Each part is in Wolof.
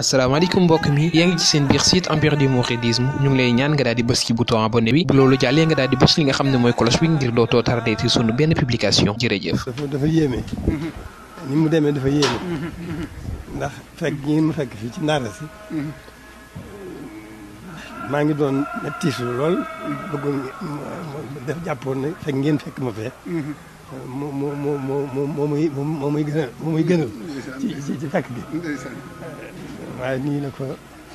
asalaamaaleykum mbokk mi yaa ngi ci seen biir site empire du mouridisme ñu ngi lay ñaan nga daal di bës ci bouton abonné bi bu loolu jàllee nga daal di bës li nga xam ne mooy cloche bi ngir dootoo tardé ci sunu benn publication jërëjëf. dafa dafa yéeme. ni mu demee dafa yéeme. ndax fekk ñi mu fekk fii ci Ndara si. maa ngi doon tiisu lool bëggoon def jàppoon ne fekk ngeen fekk ma fee. moo moo moo moo moo muy moo muy gënal moo muy gënal. ci ci fekk bi. وعادني لك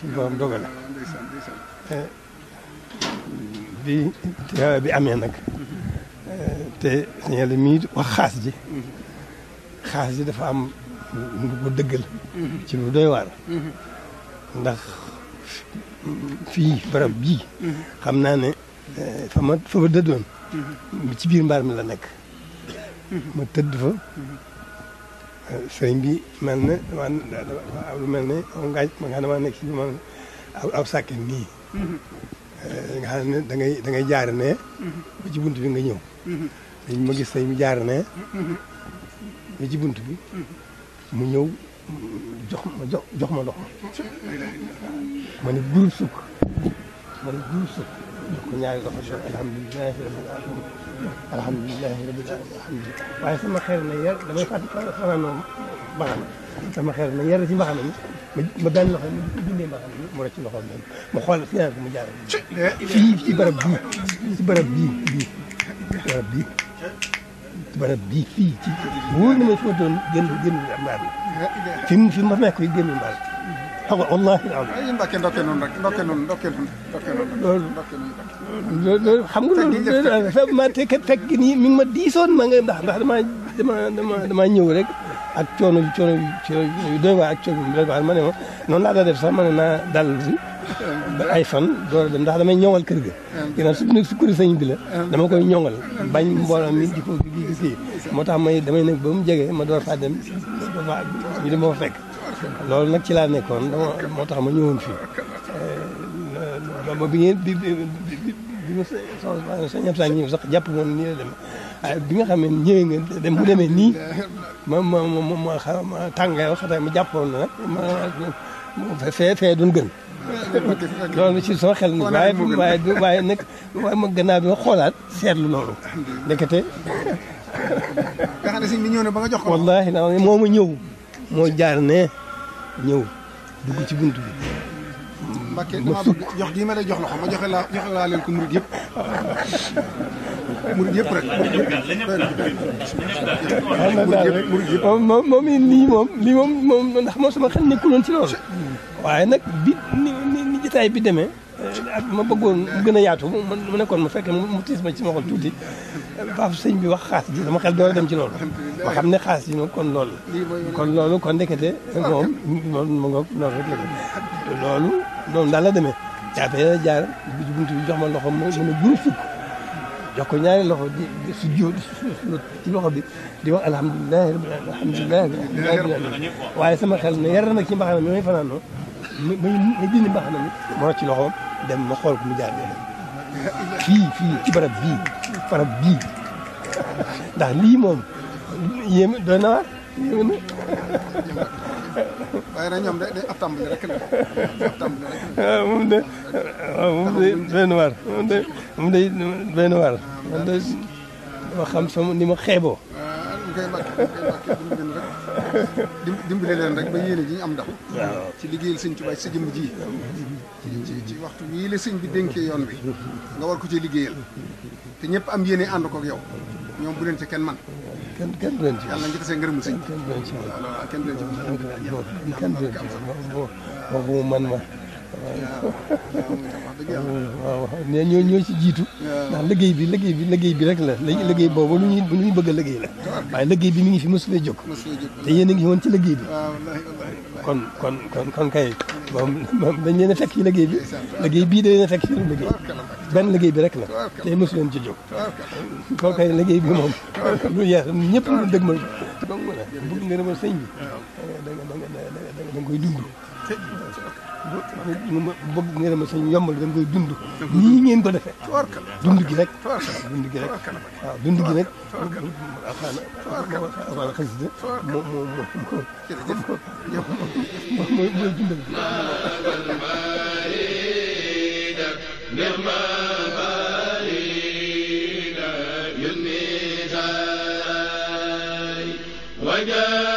في بوم قبل بأمانك تي ميد وخاص جي خاص جي دفع أم ودقل تبو دوار ندخ في برب بي خمناني فما فبدا دون بتبير مبار ملا نك ما تدفو sëriñ bi mel ne lu mel ne moom ma nga xam ne maa nekk ci ma aw sàkkin nii. Mhm. Eh, nga xam ne da ngay da jaar ne. Mhm. ba ci bunt bi nga ñëw. Mhm. dañ ma gis sëriñ bi jaar ne. ba ci bunt bi. mu ñëw jox ma jox jox ma ndox ma. ma ma ne groupe sukk. كنا على الخشوع الحمد لله رب العالمين الحمد لله رب العالمين الحمد لله وعي ثم خير نير لما يفعل خلانهم مغنم ثم خير نير دي مغنم مبان لهم مدني مغنم مرتي لهم مخالف فيها مجال في في بربي في بربي بربي بربي في في هو اللي ما يفوتون جنب جنب العمار في في ما يكون جنب العمار xam nga wallaahi am ay Mbàkke ndokkee noonu rek xam nga loolu ma te fekk nii mi ngi ma diisoon ma nga ndax ndax damaa dama dama damaa ñëw rek ak coono bi coono bi doy waa ak coono bi doy waa ma ne ma noonu laa daa def sax ma ne dal si ba ay fan door a dem ndax damay ñoŋal kër ga ginnaaw su nekk sukkuri sëñ bi la dama koy ñoŋal bañ mbooloo mi di moo tax ma damay nekk ba mu jege ma door faa dem ñu dem ma fa loolu na ci laa nekkoon dama moo tax ma ñëwoon fii ba eh, bi ngeen bi ma sañam saa ñëw sax jàpp moom nii la ah, xam ne ñëwee nii ma ma ma ma xa ma tàngaay wax ma ma fee fee gën. loolu ci sama xel ni waaye waaye waaye ma gannaaw bi ma xoolaat seetlu loolu ndekete nga xam jox ko wallaahi moo ma ñëw moo jaar ne ñëw dugg ci bunt bi. Mbacke damaa bëgg jox gii ma jox loxo ma joxe laa joxe laa leen ko murid yëpp murid yëpp rek. murid yëpp moom moom lii moom lii moom moom ndax moom sama xel nekkuloon ci loolu. waaye nag bi ni ni jotaay bi demee. Euh, ma bëggoon mu gën a yaatu mu nekkoon mu fekkee mu tiis ma ci ma xol tuuti baaf sëñ bi wax xaas ji sama xel door a dem ci loolu ma xam ne xaas ji moom kon loolu kon loolu kon ndekete moom moom mu ngoog noonu rek la daal la demee jaafe la jox ma loxo mën a juróom fukk jox ko ñaari loxo di su jiw ci loxo bi di wax alhamdulilah alhamdulilah waaye sama xel ne yar na ci mbaxana mi may fanaan noonu ma ma jëndi mbaxana mi moo ci loxoom dem ma xool ko mu jaar yoonam fii fii ci barab bii barab bii ndax lii moom yéem doy na waar yéem na waaye nag ñoom day ab tàmbali rek la ab tàmbali rek la ah, moom de waaw moom de doy na waar moom de moom de doy na waar ah, man de dama xam sama ni ma xeeboo ah. koy mbàkke dañ koy mbàkke dimbali leen rek dimbali rek ba yéene ji ñu am ndax ci liggéeyal sëñ Tuubaa sa jëm ji ci ci waxtu wii la sëñ bi dénkee yoon bi nga war ko ci liggéeyal te ñëpp am yéene ànd kook yow ñoom bu leen ci kenn man kenn kenn du leen ci yàlla nga tasee ngërëmul sëñ kenn du leen ci kenn du leen ci kenn du man ma waaw waaw ne ñoo ñoo ci jiitu ndax liggéey bi liggéey bi liggéey bi rek la liggéey boobu lu ñuy lu ñuy bëgg a la bi mi ngi fi mosulee jóg te yéen a ngi woon ci liggéey bi kon kon kon kon kay moom dañ leen a fekk ci liggéey bi liggéey bii dañ leen a fekk ci liggéey benn liggéey bi rek la te mosu leen ci jóg kon kay liggéey bi moom lu yees ñëpp lu dëgmal dong la bëgg nga demal sëñ koy dund bëgg nga demee sañ yombal dañ koy dund nii ngeen ko defee dund gi rek dund gi rek waaw dund gi rek wala xasida moo moo moo mooy mooy dundal وجاء